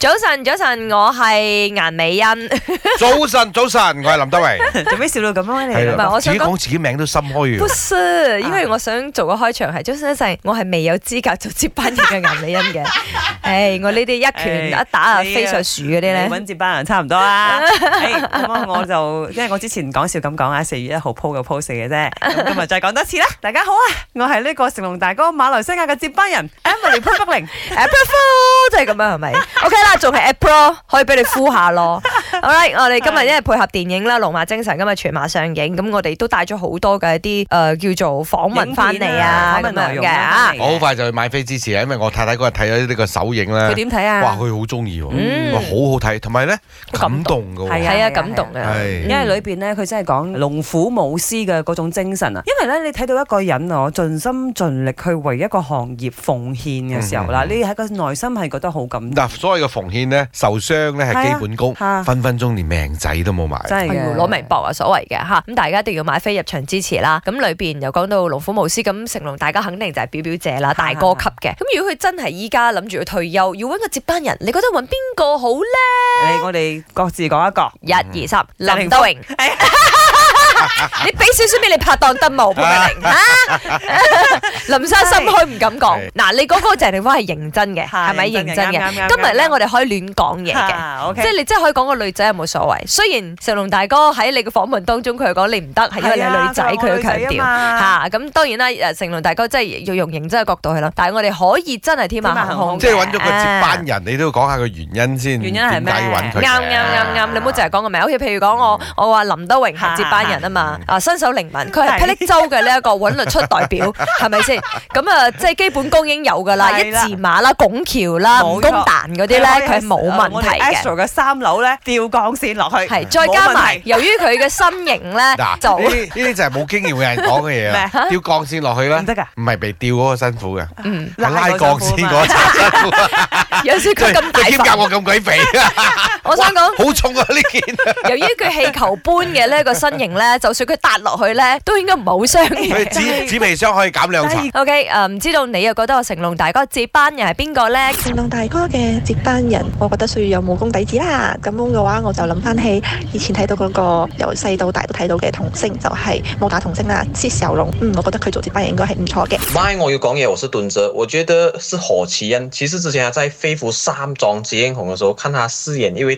早晨，早晨，我係顏美欣。 早晨，早晨，我係林德榮。做咩笑到咁啊？唔係，我講自，自己名都心開唔係。因為我想做個開場，係 早晨一晨，我係未有資格做接班人嘅顏美欣嘅。誒、 哎，我呢啲一拳一打、 哎、啊，飛上樹嗰啲咧，啊、揾接班人差唔多啊。咁、 哎、我就因為我之前講笑咁講啊，四月一號 PO 就 PO 四嘅啫。今日再講多次啦，大家好啊，我係呢個成龍大哥馬來西亞嘅接班人 Emily p e r f e i n a p p l e f o 就係、是、咁樣係咪？OK。啊，仲係 app 咯，可以俾你敷下咯。 好啦，我哋今日因為配合電影啦，《龍馬精神》今日全馬上映，咁我哋都帶咗好多嘅一啲誒叫做訪問翻嚟啊，咁樣嘅嚇。我好快就去買飛支持啊，因為我太太嗰日睇咗呢個首映啦。佢點睇啊？哇，佢好中意喎，嗯，好好睇，同埋咧感動嘅，係啊，感動嘅，因為裏邊咧佢真係講龍虎武師嘅嗰種精神啊。因為咧你睇到一個人啊，盡心盡力去為一個行業奉獻嘅時候啦，你喺個內心係覺得好感動。嗱，所謂嘅奉獻咧，受傷咧係基本功。分分鐘連命仔都冇埋，真係攞微博啊，所謂嘅吓，咁大家一定要買飛入場支持啦。咁裏邊又講到龍虎武師，咁成龍大家肯定就係表表姐啦，大哥級嘅。咁如果佢真係依家諗住要退休，要搵個接班人，你覺得搵邊個好呢？你我哋各自講一講，一二三，林德榮。 少少俾你拍檔鄧某潘柏林生，心虛唔敢講。嗱，你嗰個鄭麗芳係認真嘅，係 咪認真嘅？今日咧，我哋可以亂講嘢嘅，即係你即係可以講個女仔係冇所謂。雖然成龍大哥喺你嘅訪問當中他不，佢講你唔得，係因為你係女仔，佢要強調嚇。咁、啊、當然啦，成龍大哥即係要用認真嘅角度去啦。但係我哋可以真係添啊，即係揾咗個接班人，啊、你都要講下個原因先，原因係咩？啱啱啱啱，你唔好淨係講個名。好似譬如講我我話林德榮係接班人啊嘛，啊身靈敏，佢係霹靂州嘅呢一個韻律出代表，係咪先？咁啊，即係基本功已經有㗎啦，一字馬啦、拱橋啦、蜈蚣彈嗰啲咧，佢係冇問題嘅。Ashley 嘅三樓咧，吊鋼線落去，係再加埋，由於佢嘅身形咧，就呢啲就係冇經驗嘅人講嘅嘢啊，吊鋼線落去啦，得㗎，唔係被吊嗰個辛苦嘅，嗯，係拉鋼線嗰個辛苦。有時佢咁大，你點教我咁鬼肥？我想講好重啊！呢 件由於佢氣球般嘅呢個身形咧， 就算佢揼落去咧，都應該唔係好傷嘅。紙紙皮傷可以減兩成。O K，誒，唔知道你又覺得我成龍大哥接班人係邊個咧？成龍大哥嘅接班人，我覺得需要有武功底子啦。咁樣嘅話，我就諗翻起以前睇到嗰個由細到大都睇到嘅童星，就係、是、武打童星啦，施游龍。嗯，我覺得佢做接班人應該係唔錯嘅。唔 h 我要講嘢，我是蹲者。我覺得是何麒恩。其實之前喺《飛虎三壯志英雄》嘅時候，看他飾演，因為。